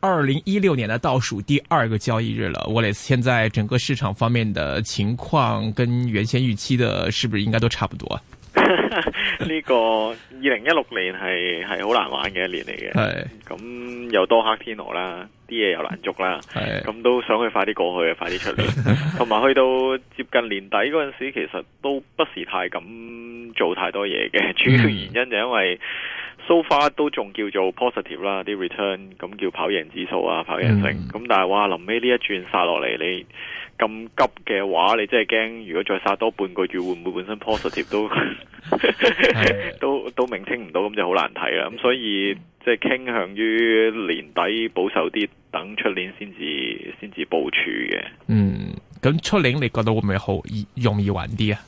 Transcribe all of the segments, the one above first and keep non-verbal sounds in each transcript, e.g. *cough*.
二零一六年的倒數第二個交易日了，Wallace，現在整個市場方面的情況跟原先預期的，是不是應該都差不多啊？呢 *laughs* 個二零一六年係係好難玩嘅一年嚟嘅，係咁 *laughs* 又多黑天鵝啦，啲嘢又難捉啦，咁 *laughs* 都想佢快啲過去啊，快啲出嚟，同埋去到接近年底嗰陣時，其實都不是太敢做太多嘢嘅，主要原因就因為。so far 都仲叫做 positive 啦，啲 return 咁叫跑贏指數啊，跑贏成咁，嗯、但係哇，臨尾呢一轉殺落嚟，你咁急嘅話，你真係驚。如果再殺多半個月，會唔會本身 positive 都 *laughs* *laughs* 都都明清唔到，咁就好難睇啦。咁所以即係、就是、傾向於年底保守啲，等出年先至先至部署嘅。嗯，咁出年你覺得會唔會好容易玩啲啊？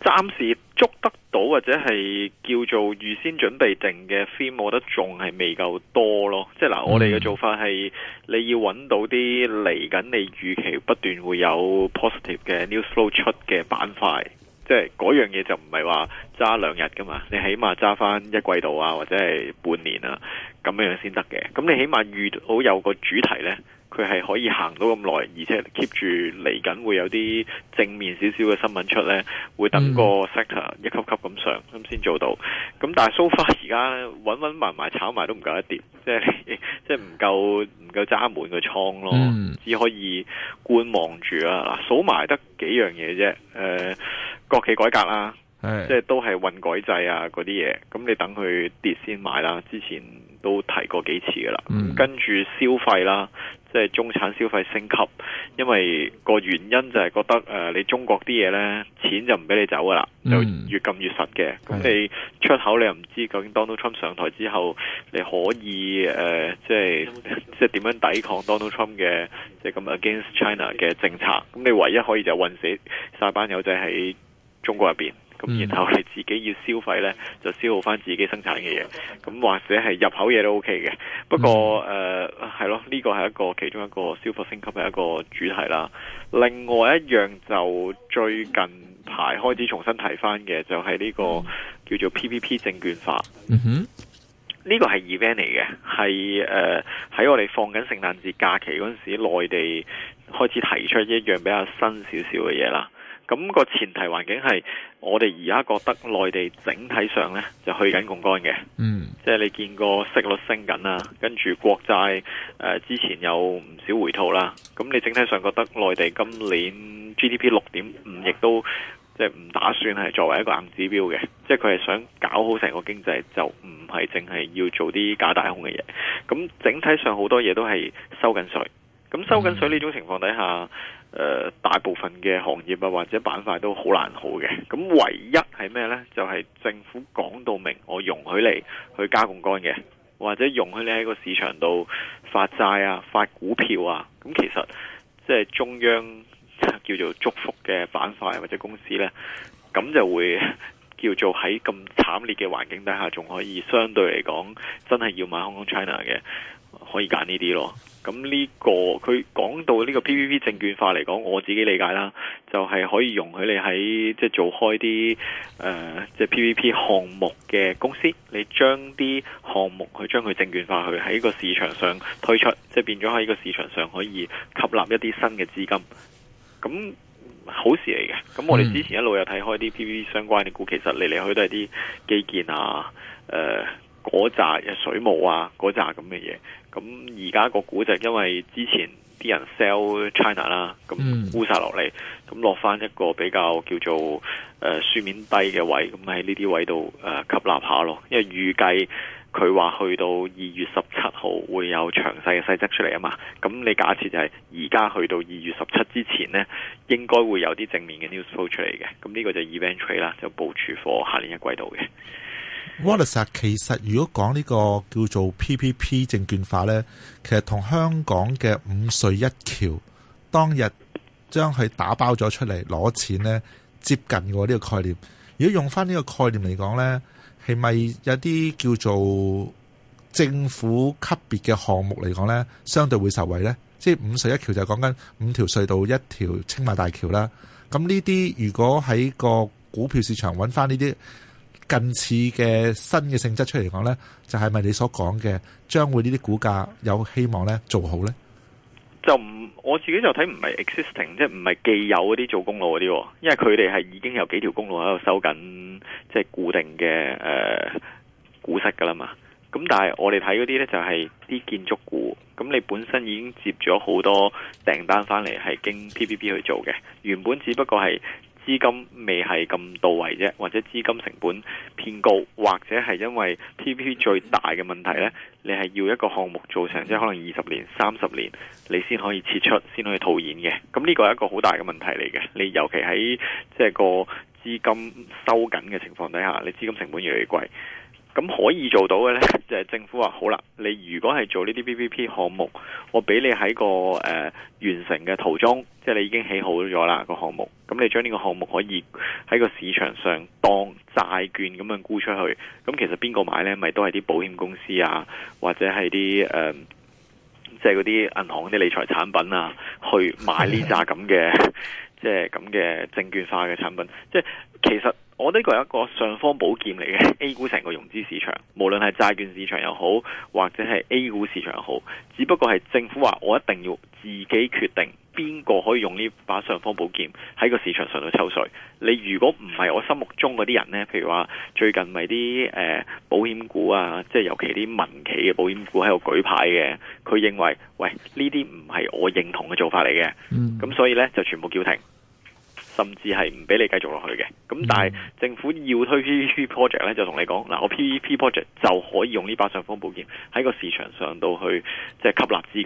暫時捉得到或者係叫做預先準備定嘅 film，我覺得仲係未夠多咯。即係嗱，我哋嘅做法係你要揾到啲嚟緊，你預期不斷會有 positive 嘅 news flow 出嘅板塊。即係嗰樣嘢就唔係話揸兩日噶嘛，你起碼揸翻一季度啊，或者係半年啊，咁樣先得嘅。咁你起碼預好有個主題呢。佢係可以行到咁耐，而且 keep 住嚟緊會有啲正面少少嘅新聞出呢，會等個 sector 一級級咁上咁先、嗯、做到。咁但係、so far 而家揾揾埋埋炒埋都唔夠一碟，即係即係唔夠唔夠揸滿個倉咯，嗯、只可以觀望住喇！數埋得幾樣嘢啫，誒、呃、國企改革啦，是即係都係混改制啊嗰啲嘢。咁你等佢跌先買啦，之前都提過幾次噶啦，嗯、跟住消費啦。即係中產消費升級，因為個原因就係覺得誒、呃，你中國啲嘢呢，錢就唔俾你走噶啦，就越撳越實嘅。咁、嗯、你出口你又唔知究竟 Donald Trump 上台之後，你可以誒、呃，即係即係點樣抵抗 Donald Trump 嘅即係咁、就是、Against China 嘅政策。咁你唯一可以就困死曬班友仔喺中國入面。咁然後你自己要消費呢，就消耗翻自己生產嘅嘢，咁或者係入口嘢都 OK 嘅。不過誒係、mm hmm. 呃、咯，呢、這個係一個其中一個消費升級嘅一個主題啦。另外一樣就最近排開始重新提翻嘅，就係、是、呢個叫做 PPP 證券法。嗯哼、mm，呢、hmm. 個係 event 嚟嘅，係誒喺我哋放緊聖誕節假期嗰陣時，內地開始提出一樣比較新少少嘅嘢啦。咁個前提環境係，我哋而家覺得內地整體上呢就去緊槓桿嘅，嗯，即係你見過息率升緊啦，跟住國債誒、呃、之前有唔少回吐啦，咁你整體上覺得內地今年 GDP 六點五亦都即係唔打算係作為一個硬指標嘅，即係佢係想搞好成個經濟，就唔係淨係要做啲假大空嘅嘢，咁整體上好多嘢都係收緊稅。咁收緊水呢種情況底下，誒、呃、大部分嘅行業啊或者板塊都好難好嘅。咁唯一係咩呢？就係、是、政府講到明，我容許你去加槓桿嘅，或者容許你喺個市場度發債啊、發股票啊。咁其實即係中央叫做祝福嘅板塊或者公司呢，咁就會叫做喺咁慘烈嘅環境底下，仲可以相對嚟講真係要買 Hong Kong China 嘅。可以揀呢啲咯，咁呢、這個佢講到呢個 PPP 證券化嚟講，我自己理解啦，就係、是、可以容許你喺即係做開啲誒、呃、即係 PPP 項目嘅公司，你將啲項目去將佢證券化去喺個市場上推出，即係變咗喺個市場上可以吸納一啲新嘅資金，咁好事嚟嘅。咁我哋之前一路有睇開啲 PPP 相關嘅股，你其實嚟嚟去去都係啲基建啊，誒嗰扎嘅水務啊，嗰扎咁嘅嘢。咁而家個估值，因為之前啲人 sell China 啦，咁沽晒落嚟，咁落翻一個比較叫做誒、呃、書面低嘅位，咁喺呢啲位度誒、呃、吸納下咯。因為預計佢話去到二月十七號會有詳細嘅細則出嚟啊嘛，咁你假設就係而家去到二月十七之前呢，應該會有啲正面嘅 news flow 出嚟嘅，咁呢個就 event trade 啦，就部署 for 下年一季度嘅。Wallace，其實如果講呢個叫做 PPP 證券化呢，其實同香港嘅五隧一橋當日將佢打包咗出嚟攞錢呢，接近過呢個概念。如果用翻呢個概念嚟講呢，係咪有啲叫做政府級別嘅項目嚟講呢？相對會受惠呢。即係五隧一橋就係講緊五條隧道一條青馬大橋啦。咁呢啲如果喺個股票市場揾翻呢啲近似嘅新嘅性質出嚟講咧，就係、是、咪你所講嘅將會呢啲股價有希望咧做好咧？就唔我自己就睇唔係 existing，即係唔係既有嗰啲做公路嗰啲，因為佢哋係已經有幾條公路喺度收緊，即、就、係、是、固定嘅誒、呃、股息噶啦嘛。咁但係我哋睇嗰啲咧就係啲建築股，咁你本身已經接咗好多訂單翻嚟，係經 PPP 去做嘅，原本只不過係。資金未係咁到位啫，或者資金成本偏高，或者係因為 PPP 最大嘅問題呢，你係要一個項目做成，即可能二十年、三十年，你先可以撤出，先可以套現嘅。咁呢個係一個好大嘅問題嚟嘅。你尤其喺即係個資金收緊嘅情況底下，你資金成本越嚟越貴。咁可以做到嘅呢，就係、是、政府話好啦，你如果係做呢啲 PPP 項目，我俾你喺個誒、呃、完成嘅途中，即係你已經起好咗啦、那個項目，咁你將呢個項目可以喺個市場上當債券咁樣沽出去，咁其實邊個買呢？咪都係啲保險公司啊，或者係啲誒，即係嗰啲銀行啲理財產品啊，去買呢扎咁嘅。即係咁嘅證券化嘅產品，即係其實我呢個係一個尚方寶劍嚟嘅 A 股成個融資市場，無論係債券市場又好，或者係 A 股市場又好，只不過係政府話我一定要自己決定邊個可以用呢把尚方寶劍喺個市場上度抽稅。你如果唔係我心目中嗰啲人咧，譬如話最近咪啲誒保險股啊，即係尤其啲民企嘅保險股喺度舉牌嘅，佢認為喂，呢啲唔係我認同嘅做法嚟嘅，咁所以咧就全部叫停。甚至係唔俾你繼續落去嘅，咁但係政府要推 PPP Project 咧，就同你講嗱，我 PPP Project 就可以用呢把尚方寶劍喺個市場上度去即係、就是、吸納資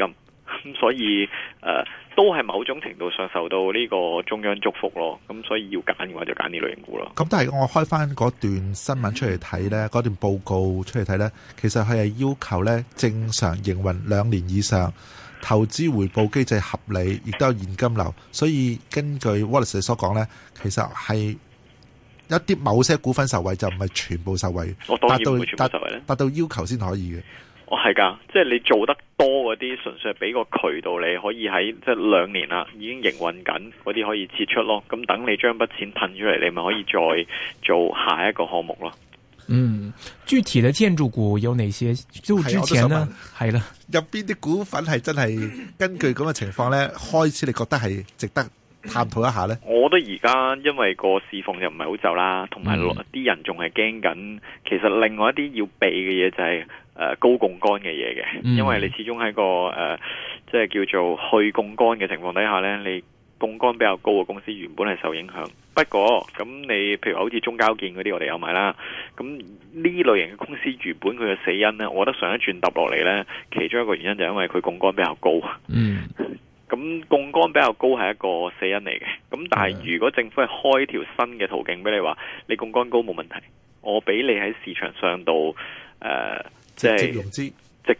金，咁所以誒、呃、都係某種程度上受到呢個中央祝福咯，咁所以要揀嘅話就揀呢類型股咯。咁但係我開翻嗰段新聞出嚟睇呢，嗰段報告出嚟睇呢，其實佢係要求呢正常營運兩年以上。投資回報機制合理，亦都有現金流，所以根據 Wallace 所講呢，其實係一啲某些股份受惠，就唔係全部受惠。我當然不會全部受惠咧，達到要求先可以嘅。我係噶，即係你做得多嗰啲，純粹係俾個渠道，你可以喺即係兩年啦，已經營運緊嗰啲可以撤出咯。咁等你將筆錢褪出嚟，你咪可以再做下一個項目咯。嗯。具體的建築股有哪些？就之前呢？係啦，入邊啲股份係真係根據咁嘅情況呢 *laughs* 開始你覺得係值得探討一下呢？我覺得而家因為個市況又唔係好就啦，同埋落啲人仲係驚緊。其實另外一啲要避嘅嘢，就係誒高槓桿嘅嘢嘅，因為你始終喺個誒即係叫做去槓桿嘅情況底下呢你。槓桿比較高嘅公司原本係受影響，不過咁你譬如好似中交建嗰啲，我哋有買啦。咁呢類型嘅公司原本佢嘅死因呢，我覺得上一轉揼落嚟呢，其中一個原因就係因為佢槓桿比較高。嗯，咁槓桿比較高係一個死因嚟嘅。咁但係如果政府係開條新嘅途徑俾你話，你槓桿高冇問題，我俾你喺市場上度，誒、呃，即係直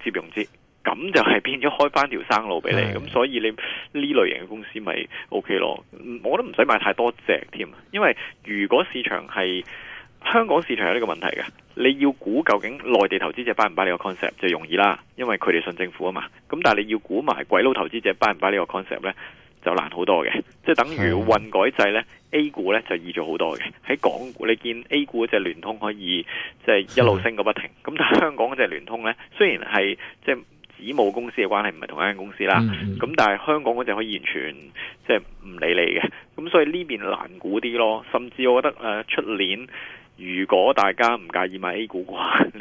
接融資。咁就係變咗開翻條生路俾你。咁的、嗯、所以你呢類型嘅公司咪 OK 咯？我都唔使買太多隻添，因為如果市場係香港市場有呢個問題嘅，你要估究，究竟內地投資者 buy 唔 buy 呢個 concept 就容易啦，因為佢哋信政府啊嘛。咁但係你要估埋鬼佬投資者 buy 唔 buy 呢個 concept 的呢，就難好多嘅。即係等於混改制呢 A 股呢就易咗好多嘅。喺港股你見 A 股隻聯通可以即係、就是、一路升個不停，咁的但係香港嗰隻聯通呢，雖然係即係。就是子母公司嘅關係唔係同一間公司啦，咁、嗯嗯、但係香港嗰隻可以完全即係唔理你嘅，咁所以呢邊難估啲咯。甚至我覺得誒出、呃、年，如果大家唔介意買 A 股嘅話，你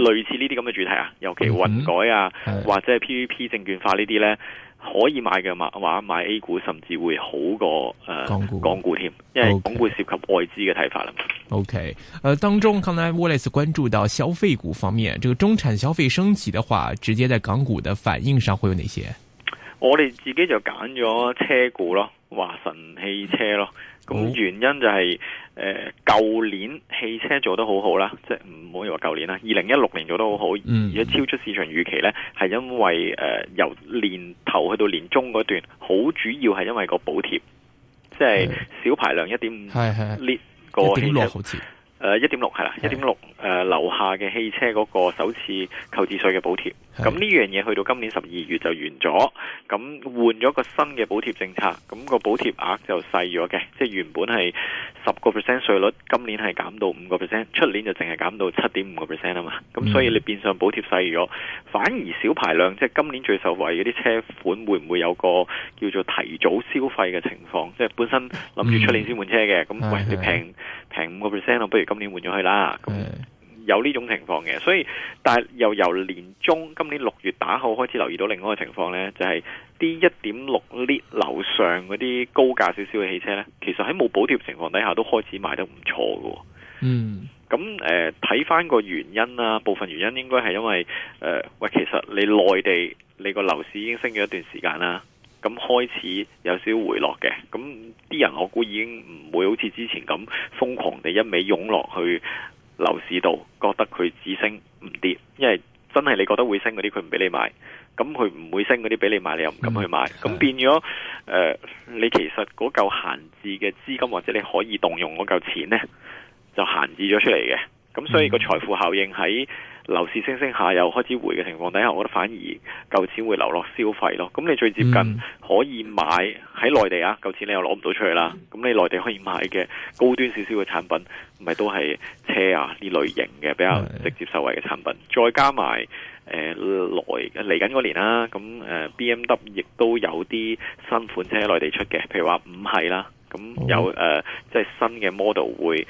類似呢啲咁嘅主題啊，尤其混改啊，嗯、或者係 PVP 證券化呢啲呢。可以買嘅，嘛話買 A 股甚至會好過誒、呃、港股，港股添，因為港股涉及外資嘅睇法啦。OK，誒、okay. 呃，當中可能 Wallace 關注到消費股方面，這個中產消費升級的話，直接在港股的反應上會有哪些？我哋自己就揀咗車股咯，華晨汽車咯。咁原因就係誒舊年汽車做得好好啦，即係唔好以為舊年啦，二零一六年做得好好，而家、嗯、超出市場預期咧，係因為誒、呃、由年頭去到年中嗰段，好主要係因為個補貼，即係小排量一點五，係係呢個汽車，誒一點六係啦，一點六誒樓下嘅汽車嗰個首次購置稅嘅補貼。咁呢樣嘢去到今年十二月就完咗，咁換咗個新嘅補貼政策，咁、個補貼額就細咗嘅。即係原本係十個 percent 稅率，今年係減到五個 percent，出年就淨係減到七點五個 percent 啊嘛。咁所以你變相補貼細咗，反而小排量即係今年最受惠嘅啲車款，會唔會有個叫做提早消費嘅情況？即係本身諗住出年先換車嘅，咁、嗯、喂，是是是你平平五個 percent 咯，不如今年換咗去啦。有呢種情況嘅，所以但係又由，由年中今年六月打後開始留意到另外一個情況呢，就係啲一點六 L 樓上嗰啲高價少少嘅汽車呢，其實喺冇補貼情況底下都開始賣得唔錯嘅。嗯，咁誒睇翻個原因啦，部分原因應該係因為誒、呃、喂，其實你內地你個樓市已經升咗一段時間啦，咁開始有少少回落嘅，咁啲人我估已經唔會好似之前咁瘋狂地一味湧落去。樓市度覺得佢只升唔跌，因為真係你覺得會升嗰啲佢唔俾你買，咁佢唔會升嗰啲俾你買，你又唔敢去買，咁、嗯、變咗誒、呃，你其實嗰嚿閒置嘅資金或者你可以動用嗰嚿錢呢，就閒置咗出嚟嘅，咁所以個財富效應喺。嗯樓市升升下又開始回嘅情況底下，我覺得反而舊錢會流落消費咯。咁你最接近可以買喺、嗯、內地啊，舊錢你又攞唔到出去啦。咁你內地可以買嘅高端少少嘅產品，唔係都係車啊呢類型嘅比較直接受惠嘅產品。的再加埋誒、呃、來嚟緊嗰年啦、啊，咁、呃、誒 BMW 亦都有啲新款車喺內地出嘅，譬如話五系啦，咁有誒即係新嘅 model 會。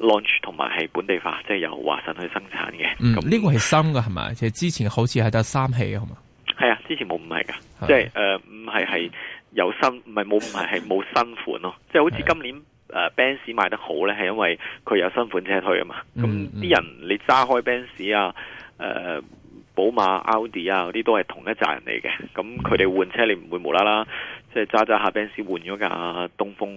launch 同埋係本地化，即係由華晨去生產嘅。嗯，咁呢個係新㗎，係咪？即係之前好似係得三起係嘛？係啊，之前冇唔係噶，是的 即係誒，唔係係有新，唔係冇唔係係冇新款咯。是的 即係好似今年誒，Benz 賣得好咧，係因為佢有新款車推啊嘛。咁啲是的 人嗯嗯你揸開 Benz 啊，誒、呃。寶馬、奧迪啊嗰啲都係同一紮人嚟嘅，咁佢哋換車你唔會無啦啦，即係揸揸下奔馳換咗架東風、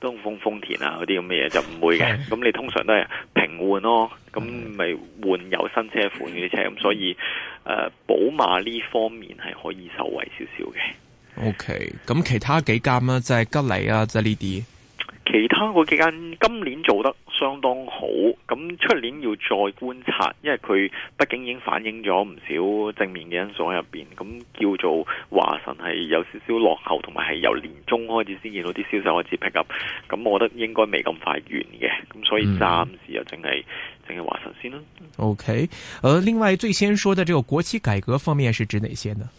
東風豐田啊嗰啲咁嘅嘢就唔會嘅，咁你通常都係平換咯，咁咪換有新車款啲車，咁所以誒寶馬呢方面係可以受惠少少嘅。O K，咁其他幾間啦，即係吉利啊，即係呢啲。其他嗰幾間今年做得相當好，咁出年要再觀察，因為佢畢竟已經反映咗唔少正面嘅因素喺入邊，咁叫做華晨係有少少落後，同埋係由年中開始先見到啲銷售開始 pick up，咁我覺得應該未咁快完嘅，咁所以暫時又淨係淨係華晨先啦。OK，呃，另外最先說的這個國企改革方面是指哪些呢？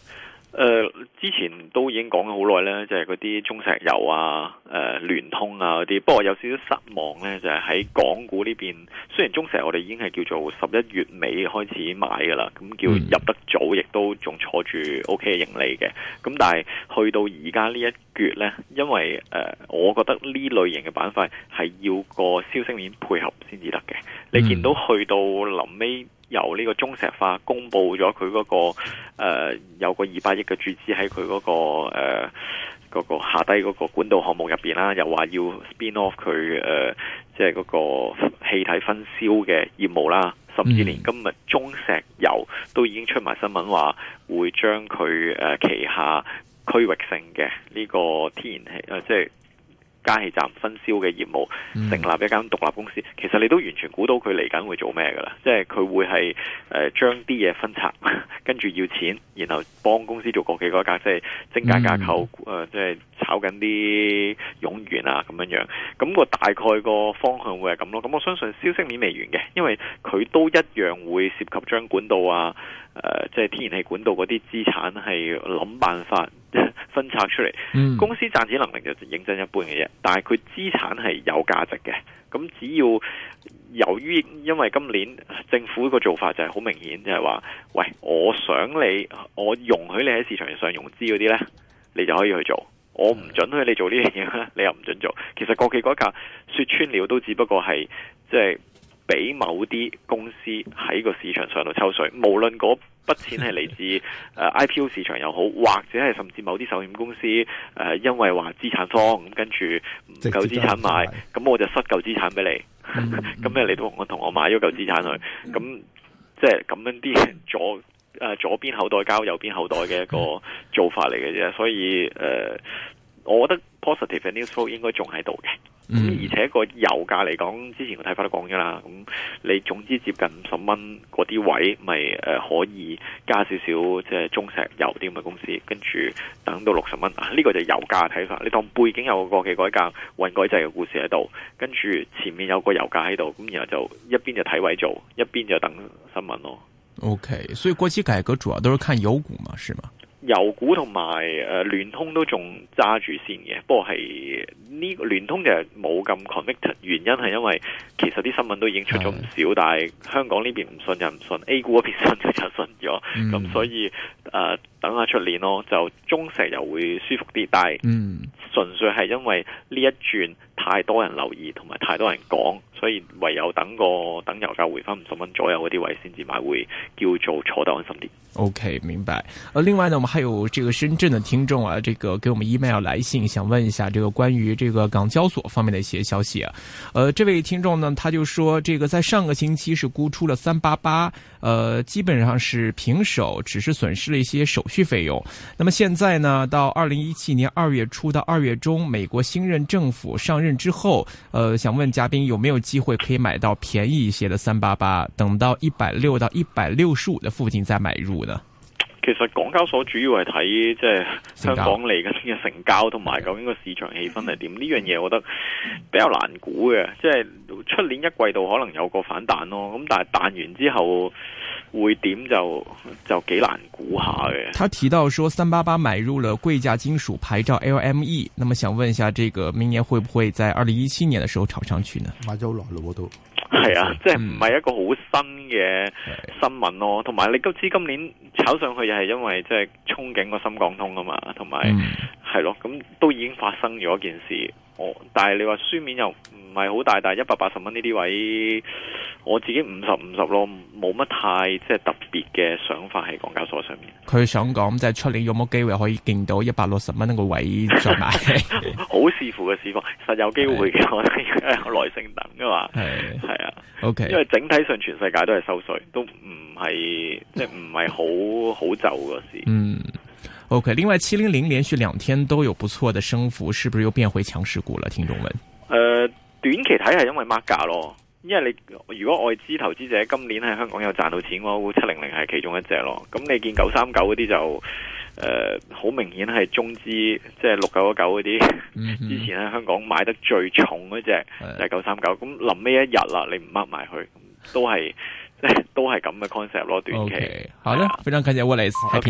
誒、呃，之前都已經講咗好耐咧，就係嗰啲中石油啊、誒、呃、聯通啊嗰啲，不過有少少失望咧，就係、是、喺港股呢邊，雖然中石油我哋已經係叫做十一月尾開始買噶啦，咁叫入得早，亦都仲坐住 O K 盈利嘅，咁但係去到而家呢一橛咧，因為誒、呃，我覺得呢類型嘅板塊係要個消息面配合先至得嘅，你見到去到臨尾。由呢個中石化公布咗佢嗰個、呃、有個二百億嘅注資喺佢嗰個誒嗰個下低嗰個管道項目入邊啦，又話要 spin off 佢誒、呃、即係嗰個氣體分銷嘅業務啦，甚至連今日中石油都已經出埋新聞話會將佢誒旗下區域性嘅呢個天然氣、呃、即係，加氣站分銷嘅業務，成立一間獨立公司，其實你都完全估到佢嚟緊會做咩噶啦？即係佢會係誒、呃、將啲嘢分拆，跟住要錢，然後幫公司做國企改革，即係增加架構，誒、呃、即係炒緊啲冗員啊咁樣樣。咁、那個大概個方向會係咁咯。咁我相信消息面未完嘅，因為佢都一樣會涉及將管道啊。誒，即係、呃就是、天然氣管道嗰啲資產係諗辦法分拆出嚟，公司賺錢能力就認真一般嘅啫。但係佢資產係有價值嘅，咁只要由於因為今年政府個做法就係好明顯，就係話喂，我想你，我容許你喺市場上融資嗰啲呢，你就可以去做。我唔准許你做呢樣嘢呢，你又唔准做。其實國企改革說穿了都只不過係即係。就是俾某啲公司喺個市場上度抽水無論嗰筆錢係嚟自誒 IPO 市場又好，或者係甚至某啲壽險公司誒，因為話資產荒咁跟住唔夠資產買，咁我就塞舊資產俾你，咁咩、嗯嗯嗯、 *laughs* 你都我同我買咗舊資產去，咁即係咁樣啲左誒左邊口袋交右邊口袋嘅一個做法嚟嘅啫，所以誒。呃我覺得 positive news flow 應該仲喺度嘅，咁、嗯、而且個油價嚟講，之前個睇法都講咗啦。咁你總之接近五十蚊嗰啲位，咪誒可以加少少即係中石油啲咁嘅公司，跟住等到六十蚊。呢個就係油價嘅睇法。你當背景有個國企改革混改制嘅故事喺度，跟住前面有個油價喺度，咁然後就一邊就睇位做，一邊就等新聞咯。OK，所以國企改革主要都係看油股嘛，是嗎？油股同埋呃聯通都仲揸住先嘅，不過係呢個聯通就冇咁 connect，原因係因為其實啲新聞都已經出咗唔少，是的 但係香港呢邊唔信就唔信，A 股嗰邊信就信咗，咁、嗯、所以、呃、等下出年咯，就中石油會舒服啲，但係純粹係因為呢一轉。太多人留意，同埋太多人講，所以唯有等個等油價回翻五十蚊左右啲位先至買，會叫做坐得安心啲。OK，明白。呃，另外呢，我們還有這個深圳的聽眾啊，這個給我們 email 來信，想問一下這個關於這個港交所方面的一些消息啊。呃，這位聽眾呢，他就說，這個在上個星期是沽出了三八八，呃，基本上是平手，只是損失了一些手續費用。那麼現在呢，到二零一七年二月初到二月中，美國新任政府上任之後，呃，想問嘉賓，有沒有機會可以買到便宜一些的三八八？等到一百六到一百六十五的附近再買入呢？其實港交所主要係睇，即係香港嚟緊嘅成交，同埋究竟個市場氣氛係點？呢 *laughs* 樣嘢我覺得比較難估嘅，即係出年一季度可能有個反彈咯。咁但係彈完之後。會點就就幾難估下嘅。他提到說三八八買入了貴價金屬牌照 LME，那麼想問一下，這個明年會不會在二零一七年的時候炒上去呢？買咗好耐咯，我都係啊，即係唔係一個好新嘅新聞咯。同埋、嗯嗯、你都知今年炒上去又係因為即係憧憬個深港通啊嘛，同埋係咯，咁都已經發生咗一件事。但係你話書面又唔係好大，但係一百八十蚊呢啲位，我自己五十五十咯，冇乜太即係特別嘅想法喺港交所上面。佢想講就係、是、出年有冇機會可以見到一百六十蚊一個位再買？ *laughs* *laughs* 好視乎嘅市況，實有機會嘅，我哋要有耐性等噶嘛。係係是啊，OK。因為整體上全世界都係收稅，都唔係即係唔係好好走嘅事。嗯。OK，另外七零零連續兩天都有不錯的升幅，是不是又變回強勢股了？聽眾們，誒、呃，短期睇係因為 mark 價咯，因為你如果外資投資者今年喺香港有賺到錢嘅話，七零零係其中一隻咯。咁你見九三九嗰啲就誒，好、呃、明顯係中資，即係六九一九嗰啲，之、嗯、哼前喺香港買得最重嗰隻就係九三九。咁臨尾一日啦，你唔 mark 埋去，都係即係都係咁嘅 concept 咯。短期 okay，好啦，啊、非常感謝 Wallace。